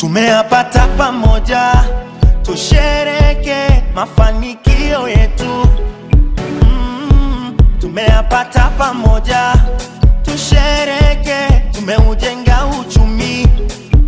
Tumeyapata pamoja, tushereke mafanikio yetu mm. Tumeyapata pamoja, tushereke, tumeujenga uchumi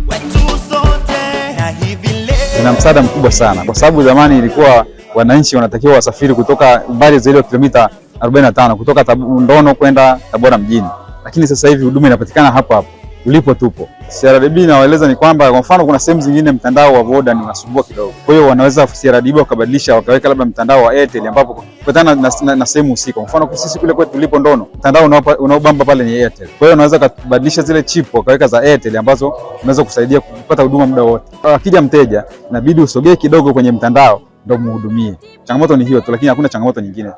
wetu sote na hivi leo ina msaada mkubwa sana, kwa sababu zamani ilikuwa wananchi wanatakiwa wasafiri kutoka umbali zaidi ya kilomita 45 kutoka Ndono kwenda Tabora mjini, lakini sasa hivi huduma inapatikana hapo hapo ulipo tupo. CRDB inawaeleza ni kwamba kwa mfano kuna sehemu zingine mtandao wa Voda ni unasumbua kidogo. Kwa hiyo wanaweza CRDB wakabadilisha wakaweka labda mtandao wa Airtel ambapo kutana na, na, na sehemu husika. Kwa mfano sisi kule kwetu tulipo Ndono, mtandao unaobamba pale ni Airtel. Kwa hiyo wanaweza kubadilisha zile chip wakaweka za Airtel ambazo unaweza kusaidia kupata huduma muda wote. Akija mteja inabidi usogee kidogo kwenye mtandao ndio muhudumie. Changamoto ni hiyo tu, lakini hakuna changamoto nyingine.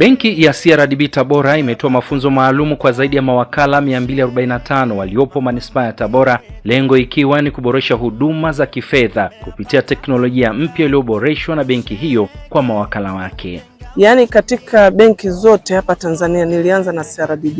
Benki ya CRDB Tabora imetoa mafunzo maalumu kwa zaidi ya mawakala 245 waliopo manispaa ya Tabora, lengo ikiwa ni kuboresha huduma za kifedha kupitia teknolojia mpya iliyoboreshwa na benki hiyo kwa mawakala wake. Yaani, katika benki zote hapa Tanzania nilianza na CRDB.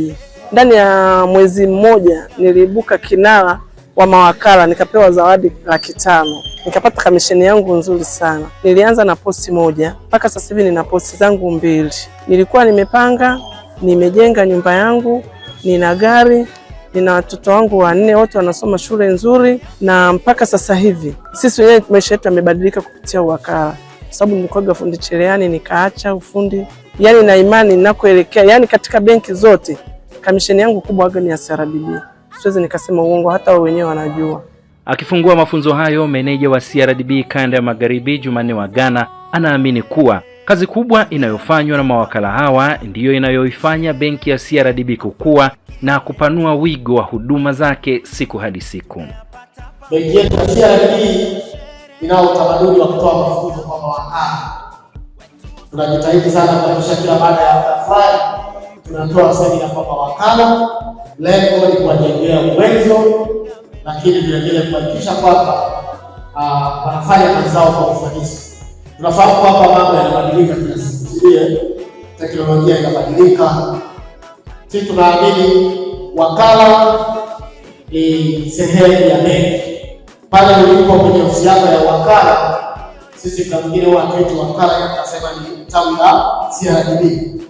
Ndani ya mwezi mmoja niliibuka kinara wa mawakala, nikapewa zawadi laki tano nikapata kamisheni yangu nzuri sana. Nilianza na posti moja mpaka sasa hivi nina posti zangu mbili. Nilikuwa nimepanga, nimejenga nyumba yangu, nina gari, nina watoto wangu wanne, wote wanasoma shule nzuri, na mpaka sasa hivi sisi wenyewe maisha yetu yamebadilika kupitia uwakala, kwa sababu nilikuwa fundi cherehani, nikaacha ufundi, yani na imani ninakoelekea, yani katika benki zote kamisheni yangu kubwa ni ya CRDB. Siwezi nikasema uongo, hata wao wenyewe wanajua. Akifungua mafunzo hayo, meneja wa CRDB kanda ya magharibi Jumanne wa Ghana anaamini kuwa kazi kubwa inayofanywa na mawakala hawa ndiyo inayoifanya benki ya CRDB kukua na kupanua wigo wa huduma zake siku hadi siku. Benki yetu ya CRDB inao utamaduni wa kutoa mafunzo kwa mawakala. Tunajitahidi sana kuhakikisha kila baada ya safari tunatoa semina kwa mawakala, lengo ni kuwajengea uwezo lakini vile vile kuhakikisha kwamba ah, wanafanya kazi zao kwa ufanisi. Tunafahamu kwamba mambo yanabadilika kila siku, zilie eh, teknolojia inabadilika. Sisi tunaamini wakala ni sehemu ya benki. Pale ulipo kwenye ofisi ya wakala, sisi kamgine waketi wakala kasema ni tawi la CRDB.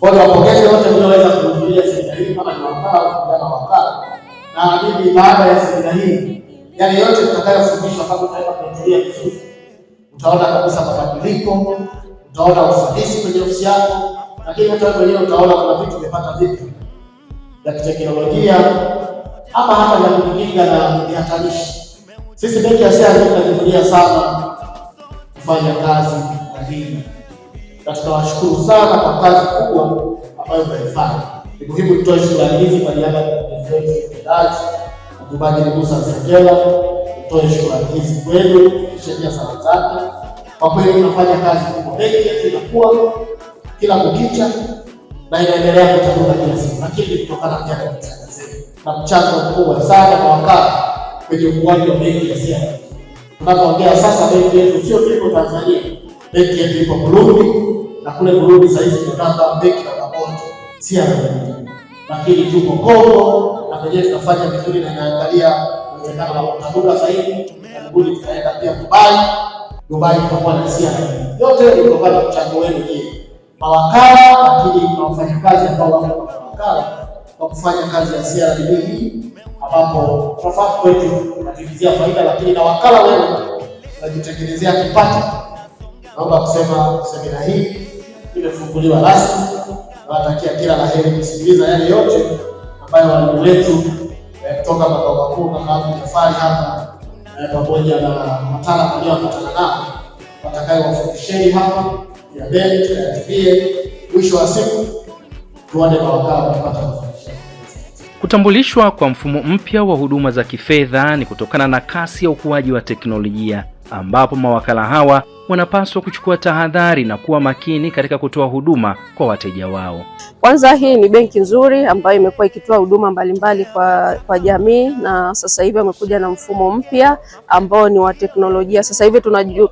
Kwa hiyo wapongeze wote mnaweza kuhudhuria sehemu hii, kama ni wakala wakala na bibi, baada ya semina hii, yale yote tutakayofundishwa, kama tutaenda kuendelea vizuri, utaona kabisa mabadiliko, utaona ufanisi kwenye ofisi yako, lakini hata wenyewe utaona kuna vitu vimepata vipi ya kiteknolojia ama hata ya kujikinga na vihatarishi. Sisi benki ya SEA tunajivunia sana kufanya kazi na hii, na tunawashukuru sana kwa kazi kubwa ambayo mnaifanya. Ni muhimu kutoa shukrani hizi kwa niaba ya mtendaji mchungaji Musa Sekela, kutoa shukrani hizi kwenu sheria sana zake. Kwa kweli unafanya kazi kubwa, benki yetu inakuwa kila kukicha na inaendelea kutanuka kila siku, lakini kutokana na janga na mchango mkubwa sana kwa wakati kwenye ukuaji wa benki ya Sierra. Tunapoongea sasa, benki yetu sio tu Tanzania, benki yetu iko Burundi na kule Burundi sasa hivi tunataka benki na pamoja Sierra lakini tuko Kongo na kwenyewe tunafanya vizuri na inaangalia uwezekano wa kutaduka zaidi. Karibuni tutaenda pia Dubai. Dubai tutakuwa na sia yote, kutokana na mchango wenu nyie mawakala, lakini na wafanyakazi ambao wako mawakala kwa kufanya kazi ya CRDB hii, ambapo tunafaa kwetu kujiingizia faida, lakini na wakala wenu unajitengenezea kipato. Naomba kusema semina hii imefunguliwa rasmi nawatakia kila la heri kusikiliza yale yote ambayo walimu wetu eh, kutoka makao makuu kama Jafari hapa eh, pamoja na wataalam walioambatana nao watakayowafundisheni hapa, yabeni tuyatumie, mwisho wa siku tuone mawakala wakipata Kutambulishwa kwa mfumo mpya wa huduma za kifedha ni kutokana na kasi ya ukuaji wa teknolojia ambapo mawakala hawa wanapaswa kuchukua tahadhari na kuwa makini katika kutoa huduma kwa wateja wao. Kwanza, hii ni benki nzuri ambayo imekuwa ikitoa huduma mbalimbali kwa, kwa jamii na sasa hivi amekuja na mfumo mpya ambao ni wa teknolojia. Sasa hivi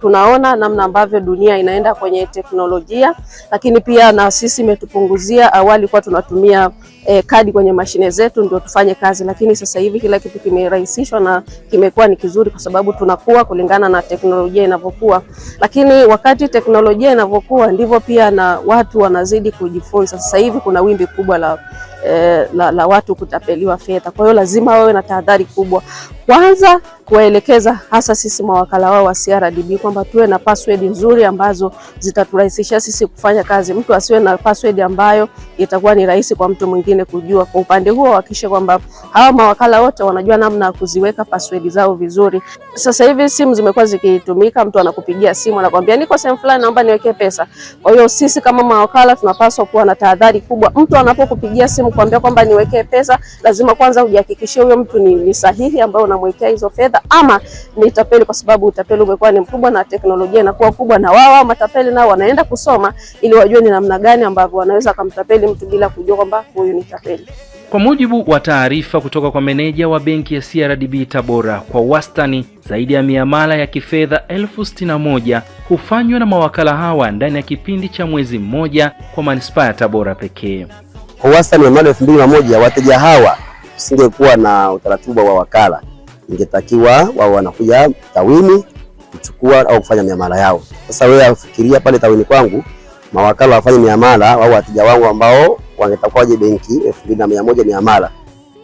tunaona namna ambavyo dunia inaenda kwenye teknolojia, lakini pia na sisi imetupunguzia. Awali kwa tunatumia eh, kadi kwenye mashine zetu ndio tufanye kazi, lakini sasa hivi kila kitu kimerahisishwa na kimekuwa ni kizuri, kwa sababu tunakuwa kulingana na teknolojia inavyokuwa. Lakini wakati teknolojia inavyokuwa ndivyo pia na watu wanazidi kujifunza. Sasa hivi kuna wimbi kubwa la eh, la, la watu kutapeliwa fedha. Kwa hiyo lazima wawe na tahadhari kubwa kwanza kuwaelekeza hasa sisi mawakala wao wa CRDB kwamba tuwe na password nzuri ambazo zitaturahisishia sisi kufanya kazi, mtu asiwe na password ambayo itakuwa ni rahisi kwa mtu mwingine kujua. Kwa upande huo, hakikisha kwamba hawa mawakala wote wanajua namna ya kuziweka password zao vizuri. Sasa hivi simu zimekuwa zikitumika, mtu anakupigia simu anakuambia niko sehemu fulani, naomba niwekee pesa. Kwa hiyo sisi kama mawakala tunapaswa kuwa na tahadhari kubwa. Mtu anapokupigia simu kuambia kwamba niwekee pesa, lazima kwanza ujihakikishie huyo mtu ni, ni sahihi ambaye unamwekea hizo fedha fedha ama ni tapeli, kwa sababu utapeli umekuwa ni mkubwa na teknolojia inakuwa kubwa, na wao matapeli nao wanaenda kusoma ili wajue ni namna gani ambavyo wanaweza kumtapeli mtu bila kujua kwamba huyu ni tapeli. Kwa mujibu wa taarifa kutoka kwa meneja wa benki ya CRDB Tabora, kwa wastani zaidi ya miamala ya kifedha elfu sitini na moja hufanywa na mawakala hawa ndani ya kipindi cha mwezi mmoja kwa manispaa ya Tabora pekee. Kwa wastani miamala elfu mbili na moja wateja hawa usingekuwa na utaratibu wa wakala ingetakiwa wao wanakuja tawini kuchukua au kufanya miamala yao. Sasa wewe afikiria pale tawini kwangu mawakala wafanye miamala au wateja wangu ambao wangetakwaje benki elfu mbili na mia moja miamala,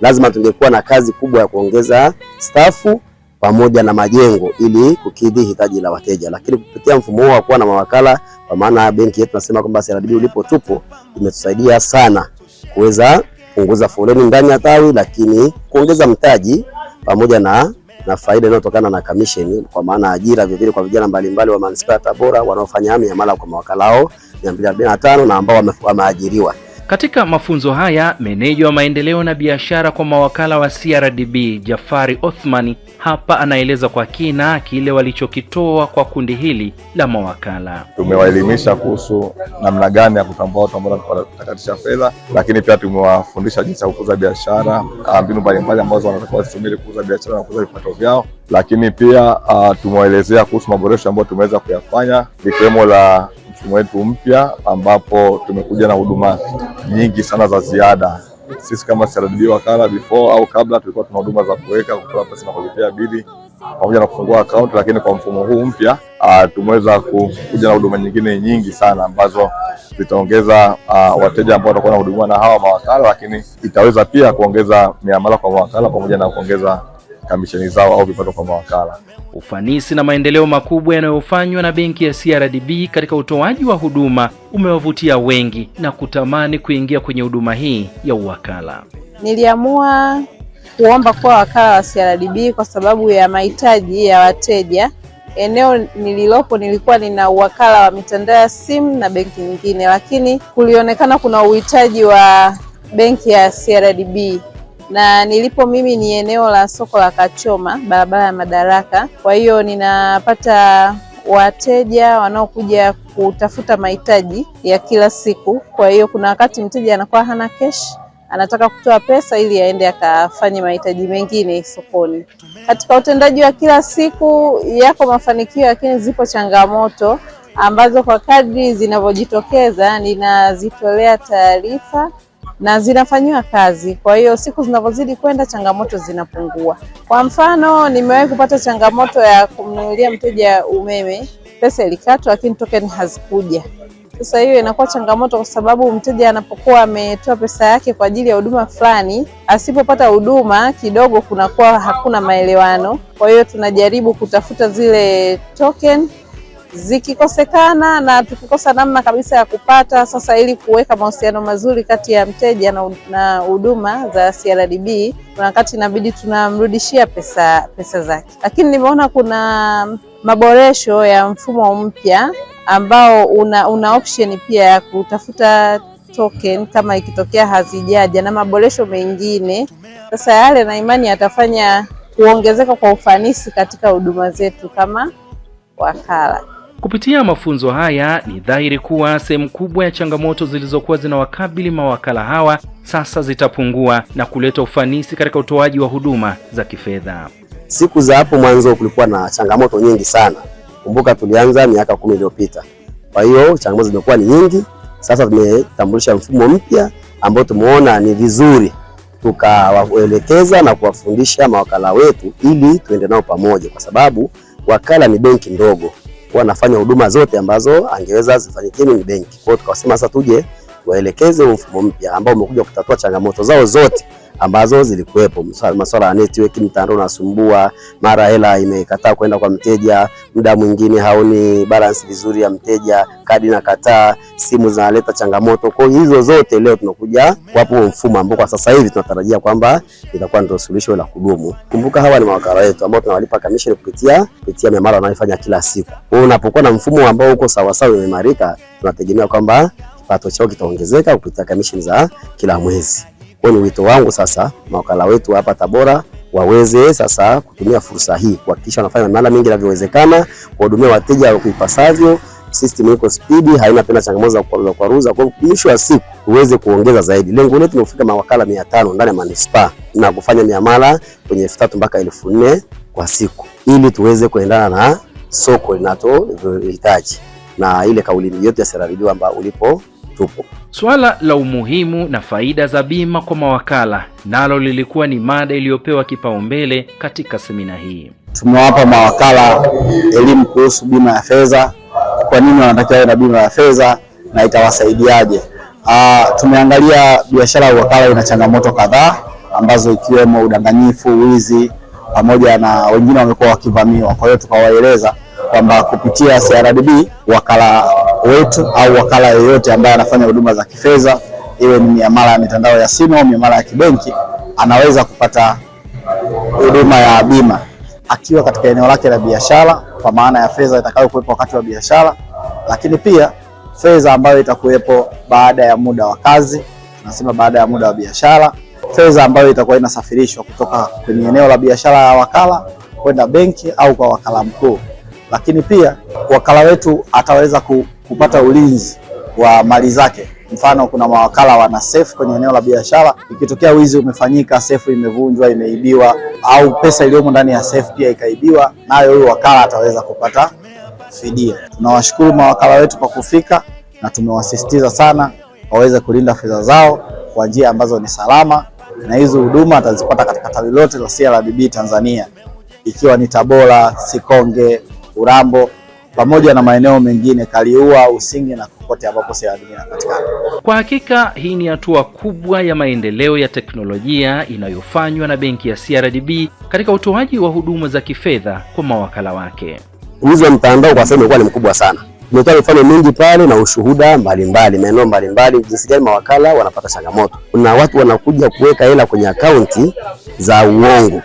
lazima tungekuwa na kazi kubwa ya kuongeza stafu pamoja na majengo ili kukidhi hitaji la wateja. Lakini kupitia mfumo huo wa kuwa na mawakala, kwa maana benki yetu nasema kwamba CRDB ulipo tupo, imetusaidia sana kuweza kupunguza foleni ndani ya tawi, lakini kuongeza mtaji pamoja na, na faida inayotokana na commission kwa maana ajira vilevile kwa vijana mbalimbali wa manispaa ya Tabora wanaofanya miamala kwa mwaka lao 245 na ambao wameajiriwa. Katika mafunzo haya, meneja wa maendeleo na biashara kwa mawakala wa CRDB Jafari Othmani hapa anaeleza kwa kina kile walichokitoa kwa kundi hili la mawakala. Tumewaelimisha kuhusu namna gani ya kutambua watu ambao wanatakatisha fedha, lakini pia tumewafundisha jinsi ya kukuza biashara, ah, mbinu mbalimbali ambazo wanatakiwa zitumie kukuza biashara na kukuza vipato vyao, lakini pia uh, tumewaelezea kuhusu maboresho ambayo tumeweza kuyafanya likiwemo la mfumo wetu mpya ambapo tumekuja na huduma nyingi sana za ziada. Sisi kama CRDB wakala, before au kabla, tulikuwa tuna huduma za kuweka, kutoa pesa na kulipia bili pamoja na kufungua akaunti, lakini kwa mfumo huu mpya ah, tumeweza kuja na huduma nyingine nyingi sana ambazo zitaongeza ah, wateja ambao watakuwa na huduma na hawa mawakala, lakini itaweza pia kuongeza miamala kwa mawakala pamoja na kuongeza kamisheni zao au vipato kwa mawakala. Ufanisi na maendeleo makubwa yanayofanywa na benki ya CRDB katika utoaji wa huduma umewavutia wengi na kutamani kuingia kwenye huduma hii ya uwakala. Niliamua kuomba kuwa wakala wa CRDB kwa sababu ya mahitaji ya wateja. Eneo nililopo nilikuwa nina uwakala wa mitandao ya simu na benki nyingine, lakini kulionekana kuna uhitaji wa benki ya CRDB na nilipo mimi ni eneo la soko la Kachoma, barabara ya Madaraka. Kwa hiyo ninapata wateja wanaokuja kutafuta mahitaji ya kila siku. Kwa hiyo kuna wakati mteja anakuwa hana cash, anataka kutoa pesa ili aende akafanye mahitaji mengine sokoni. Katika utendaji wa kila siku yako mafanikio, lakini zipo changamoto ambazo kwa kadri zinavyojitokeza ninazitolea taarifa na zinafanyiwa kazi. Kwa hiyo siku zinavyozidi kwenda, changamoto zinapungua. Kwa mfano, nimewahi kupata changamoto ya kumnunulia mteja umeme, pesa ilikatwa, lakini token hazikuja. Sasa hiyo inakuwa changamoto, kwa sababu mteja anapokuwa ametoa pesa yake kwa ajili ya huduma fulani, asipopata huduma kidogo, kunakuwa hakuna maelewano. Kwa hiyo tunajaribu kutafuta zile token zikikosekana na tukikosa namna kabisa ya kupata sasa, ili kuweka mahusiano mazuri kati ya mteja na huduma za CRDB, kuna wakati inabidi tunamrudishia pesa pesa zake, lakini nimeona kuna maboresho ya mfumo mpya ambao una, una option pia ya kutafuta token kama ikitokea hazijaja na maboresho mengine. Sasa yale na imani yatafanya kuongezeka kwa ufanisi katika huduma zetu kama wakala. Kupitia mafunzo haya ni dhahiri kuwa sehemu kubwa ya changamoto zilizokuwa zinawakabili mawakala hawa sasa zitapungua na kuleta ufanisi katika utoaji wa huduma za kifedha. Siku za hapo mwanzo kulikuwa na changamoto nyingi sana. Kumbuka tulianza miaka kumi iliyopita, kwa hiyo changamoto zimekuwa ni nyingi. Sasa tumetambulisha mfumo mpya ambao tumeona ni vizuri tukawaelekeza na kuwafundisha mawakala wetu ili tuende nao pamoja, kwa sababu wakala ni benki ndogo kuwa anafanya huduma zote ambazo angeweza zifanyikini ni benki. Kwa hiyo tukasema sasa tuje waelekeze mfumo mpya ambao umekuja kutatua changamoto zao zote ambazo zilikuwepo, masuala ya network, mtandao unasumbua, mara hela imekataa kwenda kwa mteja, muda mwingine haoni balance vizuri ya mteja, kadi na kataa, simu zinaleta changamoto. Kwa hizo zote leo tunakuja wapo mfumo ambao kwa sasa hivi tunatarajia kwamba itakuwa ndio suluhisho la kudumu. Kumbuka hawa ni mawakala wetu ambao tunawalipa commission kupitia kupitia miamala wanayofanya kila siku. Kwa hiyo unapokuwa na mfumo ambao uko sawa sawa, umeimarika, tunategemea kwamba kipato chao kitaongezeka kupitia commission za kila mwezi. Kwa hiyo ni wito wangu sasa mawakala wetu hapa Tabora waweze sasa kutumia fursa hii kuhakikisha wanafanya miamala mingi inavyowezekana, kuhudumia wateja ipasavyo. System iko spidi, haina tena changamoto za kuaruza kuaruza. Kwa mwisho wa siku tuweze kuongeza zaidi. Lengo letu ni kufika mawakala 500 ndani ya manispaa na kufanya miamala kwenye 3000 mpaka 4000 kwa siku, ili tuweze kuendana na soko linatohitaji na ile kauli yetu ya serikali ambayo ulipo tupo. Swala la umuhimu na faida za bima kwa mawakala nalo lilikuwa ni mada iliyopewa kipaumbele katika semina hii. Tumewapa mawakala elimu kuhusu bima ya fedha, kwa nini wanatakiwa na bima ya fedha na itawasaidiaje. Ah, tumeangalia biashara ya uwakala ina changamoto kadhaa ambazo ikiwemo udanganyifu, wizi pamoja na wengine wamekuwa wakivamiwa. Kwa hiyo tukawaeleza kwamba kupitia CRDB wakala wetu au wakala yeyote ambaye anafanya huduma za kifedha, iwe ni miamala ya mitandao ya simu au miamala ya kibenki, anaweza kupata huduma ya bima akiwa katika eneo lake la biashara, kwa maana ya fedha itakayokuwepo wakati wa biashara, lakini pia fedha ambayo itakuwepo baada ya muda wa kazi, tunasema baada ya muda wa biashara, fedha ambayo itakuwa inasafirishwa kutoka kwenye eneo la biashara ya wakala kwenda benki au kwa wakala mkuu. Lakini pia wakala wetu ataweza ku kupata ulinzi wa mali zake. Mfano, kuna mawakala wana sefu kwenye eneo la biashara, ikitokea wizi umefanyika, sefu imevunjwa, imeibiwa, au pesa iliyomo ndani ya sefu pia ikaibiwa, nayo huyo wakala ataweza kupata fidia. Tunawashukuru mawakala wetu kwa kufika na tumewasisitiza sana waweze kulinda fedha zao kwa njia ambazo ni salama, na hizo huduma atazipata katika tawi lote la CRDB Tanzania, ikiwa ni Tabora, Sikonge, Urambo pamoja na maeneo mengine Kaliua, Usingi na kokote ambapo sehemu inapatikana. Kwa hakika hii ni hatua kubwa ya maendeleo ya teknolojia inayofanywa na benki ya CRDB katika utoaji wa huduma za kifedha kwa mawakala wake. Wizi wa mtandao kwa sasa ni mkubwa sana, imetoa mifano mingi pale na ushuhuda mbalimbali maeneo mbalimbali, jinsi gani mawakala wanapata changamoto. Kuna watu wanakuja kuweka hela kwenye akaunti za uongo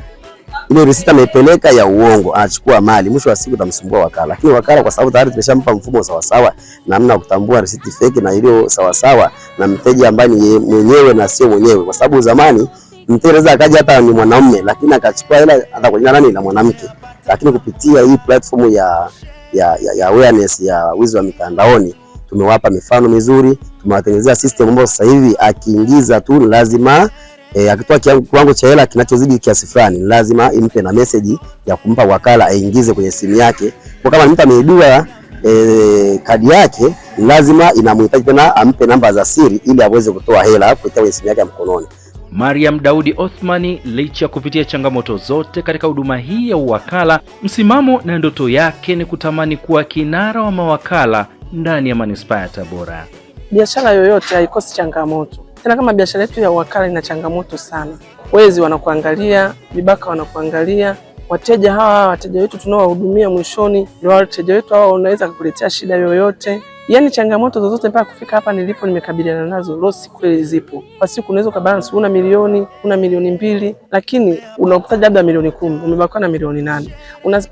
ile risiti amepeleka ya uongo, anachukua mali. Mwisho wa siku tamsumbua wakala, lakini wakala kwa sababu tayari tumeshampa mfumo sawa sawa, namna ya kutambua risiti fake na ile sawa sawa na mteja ambaye ni mwenyewe na sio mwenyewe, kwa sababu zamani mteja anaweza akaja hata ni mwanaume, lakini akachukua hela hata kwa jina nani la mwanamke, lakini kupitia hii platform ya ya, ya, ya awareness ya wizi wa mitandaoni tumewapa mifano mizuri, tumewatengenezea system ambayo sasa hivi akiingiza tu lazima e, akitoa kiwango cha hela kinachozidi kiasi fulani, lazima impe na message ya kumpa wakala aingize kwenye simu yake, kwa kama mtu ameidua e, kadi yake lazima inamhitaji tena ampe namba za siri ili aweze kutoa hela kupitia kwenye simu yake ya mkononi. Mariam Daudi Othmani, licha ya kupitia changamoto zote katika huduma hii ya uwakala, msimamo na ndoto yake ni kutamani kuwa kinara wa mawakala ndani ya manispaa ya Tabora. Biashara yoyote haikosi changamoto, tena kama biashara yetu ya wakala ina changamoto sana, wezi wanakuangalia, vibaka wanakuangalia, wateja hawa, wateja wetu tunaowahudumia mwishoni, ni wateja wetu hawa, unaweza kukuletea shida yoyote Yaani changamoto zozote mpaka kufika hapa nilipo nimekabiliana nazo. Losi kweli zipo, kwa siku unaweza ukabalansi, una milioni una milioni mbili, lakini unakuta labda milioni kumi umebakiwa na milioni nane.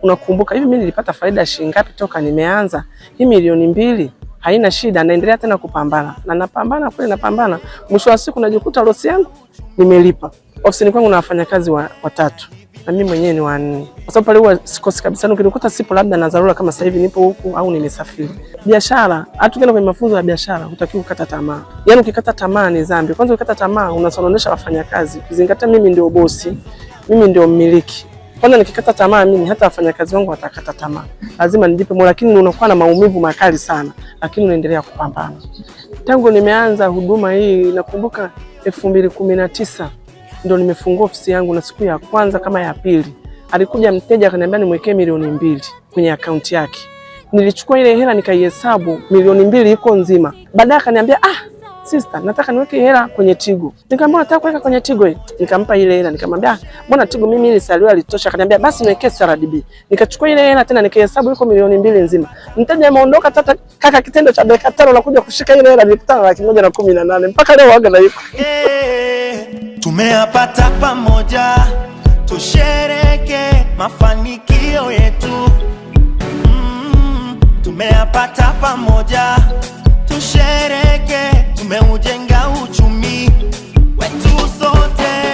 Unakumbuka una hivi, mimi nilipata faida shilingi ngapi toka nimeanza hii milioni mbili haina shida, naendelea tena kupambana na napambana kule, napambana. Mwisho wa siku najikuta losi yangu nimelipa. Ofisini kwangu na wafanyakazi watatu na mimi mwenyewe ni wanne, kwa sababu pale huwa sikosi kabisa. Ukinikuta sipo labda na dharura kama sasa hivi nipo huku au nimesafiri. Biashara, hatu ukienda kwenye mafunzo ya biashara hutakiwi kukata tamaa. Yani ukikata tamaa ni dhambi. Kwanza ukikata tamaa unasononesha wafanyakazi, ukizingatia mimi ndio bosi, mimi ndio mmiliki kwanza nikikata tamaa mimi, hata wafanyakazi wangu watakata tamaa, lazima nilipe moyo, lakini unakuwa na maumivu makali sana, lakini unaendelea kupambana. Tangu nimeanza huduma hii, nakumbuka elfu mbili kumi na tisa ndo nimefungua ofisi yangu, na siku ya kwanza kama ya pili alikuja mteja akaniambia nimwekee milioni mbili kwenye akaunti yake. Nilichukua ile hela nikaihesabu, milioni mbili iko nzima. Baadaye akaniambia ah sister, nataka niweke hela kwenye Tigo. Nikamwambia nataka kuweka kwenye Tigo hii. Nikampa ile hela, nikamwambia mbona Tigo mimi ile salio litosha? Akaniambia basi niweke CRDB. Nikachukua ile hela tena nikahesabu iko milioni mbili nzima. Mteja ameondoka tata, kaka, kitendo cha dakika tano na kuja kushika ile hela nilikutana laki moja na kumi na nane mpaka leo waga na yuko. Eh, tumeyapata pamoja, tushereke mafanikio yetu. Mm, tumeyapata pamoja tushereke, tumeujenga uchumi wetu sote.